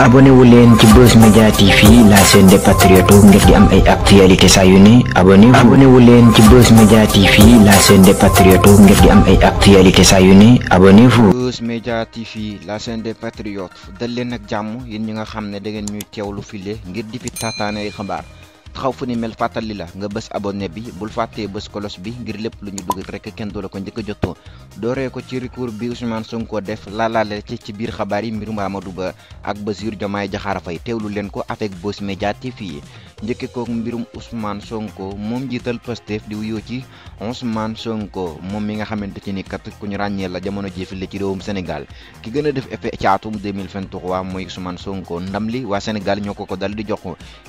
abonewu wu leen ci Buzz Media TV la seen des patriotes ngir di am ay actualité saa yu ne abonné wu abonné wu leen ci Buzz Media fii la chaîne des patriotes ngir di am ay actualité saa yu ne abonnez-vous. Buzz Media TV la chaîne des patriotes dal leen ak jàmm yéen ñi nga xam ne da ngeen ñuy teewlu file ngir di fi taataanay xabaat xaw fu ni mel fàttali la nga bës abonné bi bul fàttee bës kolos bi ngir lépp lu ñu dugal rek kenn du la ko njëkk jotoo dooree ko ci recours bi Ousmane Sonko def laalaale ci ci biir xabaar yi mbirum Amadou Ba ak Bassirou jaxaara Diakhar Faye teewlu leen ko avec Boss Media TV fii njëkke kook mbirum Ousmane Sonko moom jiital Pastef di wuyoo ci Ousmane Sonko moom mi nga xamante ci ni kat ku ñu ràññee la jamono jëfile ci réewum Sénégal ki gën a def effet ci atum 2023 mooy Ousmane Sonko ndam li waa Sénégal ñoo ko ko dal di jox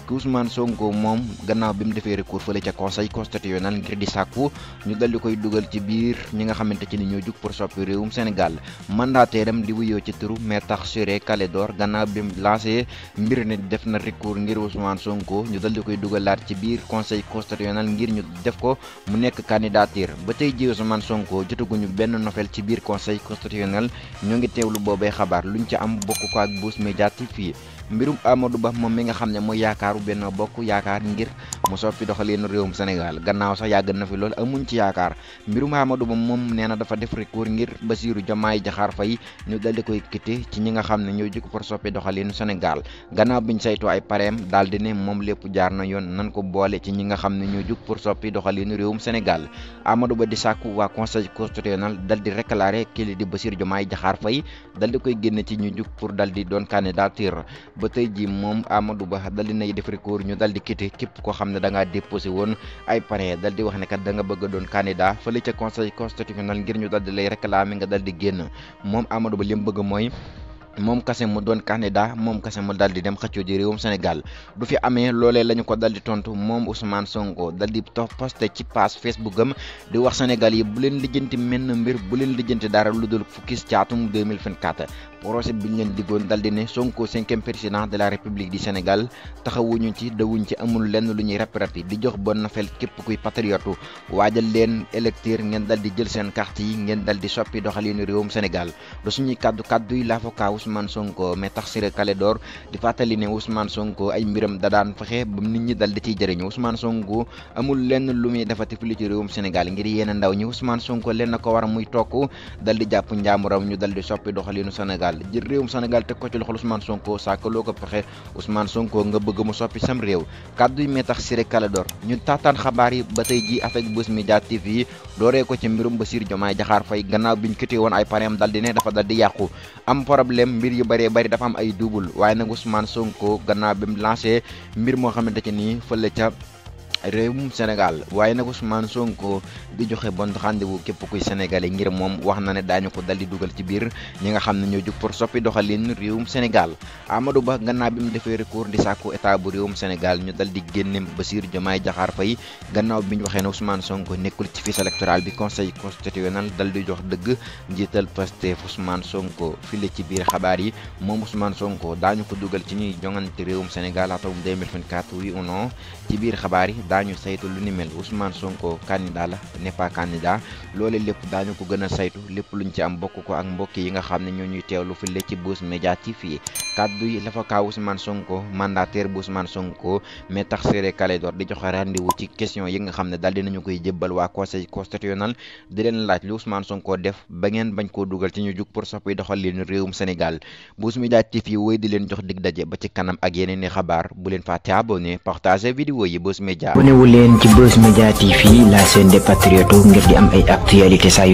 ki Ousmane Sonko moom gannaaw bi mu defee recours fële ca conseil constitutionnel ngir di sàkku ñu dal di koy dugal ci biir ñi nga xamante ci ni ñoo jug pour soppi réewum Sénégal mandataire am di wuyoo ci turu Maître Ciré Clédor gannaaw bi mu lancé mbir ne def na recours ngir Ousmane Sonko dal di koy laat ci biir conseil constitutionnel ngir ñu def ko mu nekk candidature ba tey ji man Sonko jotaguñu benn nofel ci biir conseil constitutionnel ñoo ngi teew teewlu boobee xabaar lu ñu ca am bokk ko ak Buzz Media TV mbirum Amadou Ba moom mi nga xam ne mooy yaakaaru benn bokk yaakaar ngir mu soppi doxalinu réewum Sénégal gannaaw sax yàgg na fi lool amuñ ci yaakaar mbirum Amadou Ba moom nee na dafa def recours ngir Bassirou Diomaye Diakhar Faye ñu dal di koy quitté ci ñi nga xam ne ñoo jikko pour soppi doxalinu Sénégal gannaaw biñ saytoo ay pareem daal di ne moom lépp jaar na yoon nan ko boole ci ñi nga xam ne ñoo jug pour soppi doxalinu réewum Sénégal Amadou Ba di sàkku waa conseil constitutionnel dal di réclamer kii di Bassirou Diomaye jaxaar Faye dal di koy génn ci ñu jug pour dal di doon candidature ba tey ji moom amadu Ba dal di nay def recours ñu dal di quitté képp koo xam ne da ngaa déposé woon ay parrain dal di wax ne kat da nga bëgg a doon candidat fële ca conseil constitutionnel ngir ñu dal di lay réclamer nga dal di génn moom amadu Ba li mu bëgg mooy moom kase mu doon candidat moom kase mu dal di dem xëccoo ji réewum Sénégal du fi amee loole la ñu ko dal di tontu moom Ousmane Sonko dal di to posté ci page Facebook am di wax Sénégal yi bu leen lijjanti menn mbir bu leen lijjanti dara lu dul fukki caatum 2024 projet bi ñu leen diggoon dal di ne Sonko cinquième président de la République du Sénégal taxawuñu ci dawuñ ci amul lenn lu ñuy rap rap di jox bon fel képp kuy patriotu waajal leen électeur ngeen dal di jël seen carte yi ngeen dal di soppi doxalinu réewum Sénégal du suñuy kàddu kàddu yi Ousmane Sonko mais Tafsir Kaledor di fàttali ne Ousmane Sonko ay mbiram da daan fexe ba nit ñi dal di ciy jëriñu Ousmane Sonko amul lenn lu muy defati fii ci réewum Sénégal ngir yéen ndaw ñi Ousmane Sonko lenn ko war muy tokk dal di jàpp njaamuram ñu dal di soppi doxalinu Sénégal jël réewum Sénégal teg ko ci loxol Ousmane Sonko sàkk loo ko pexe Ousmane Sonko nga bëgg mu soppi sam réew kàddu yi mee tax Siré Kaledor ñu taataan xabaar yi ba tey ji avec Buzz Media TV dooree ko ci mbirum Bassirou Diomaye Diakhar Faye gannaaw biñ kitee woon ay pareem dal di ne dafa dal di yàqu am mbir yu bëree bëri dafa am ay double waaye nag Ousmane Sonko gannaaw bi mu lancé mbir moo xamante ci nii fële ca réewum Sénégal waaye nag Ousmane Sonko di joxe bon rendez-vous képp kuy sénégal sénégalais ngir moom wax na ne daañu ko dal di dugal ci biir ñi nga xam ne ñoo jug pour soppi doxalin réewum Sénégal Amadou Ba gannaaw bi mu defee recours di sàkku état bu réewum Sénégal ñu dal di génne Bassirou Diomaye Diakhar Faye gannaaw bi ñu waxee na ne Ousmane Sonko nekkul ci fiche électorale bi conseil constitutionnel dal di jox dëgg njiital Pastef Ousmane Sonko file ci biir xabaar yi moom Ousmane Sonko daañu ko dugal ci ñuy jongante réewum Sénégal atum 2024 oui ou non ci biir xabaar yi daañu saytu lu ni mel Ousmane Sonko candidat la n'est pas candidat loole lépp daañu ko gën a saytu lépp luñ ci am bokk ko ak mbokk yi nga xam ne ñoo ñuy teewlu fi la ci Buzz Media TV kàddu yi la fa kaa Ousmane Sonko mandataire bu Ousmane son mais tax Siré Clédor di joxe rendez-vous ci question yi nga xam ne daal dinañu koy jébbal waa conseil constitutionnel di leen laaj lu Ousmane Sonko def ba ngeen bañ koo dugal ci ñu jug pour soppi doxal leen réewum Sénégal Buzz Media TV wéy di leen jox dig daje ba ci kanam ak yeneen i xabaar bu leen fàtte yi Buzz abonné wu leen ci Buzz Media TV la chaîne des patriotes ngir di am ay actualité saa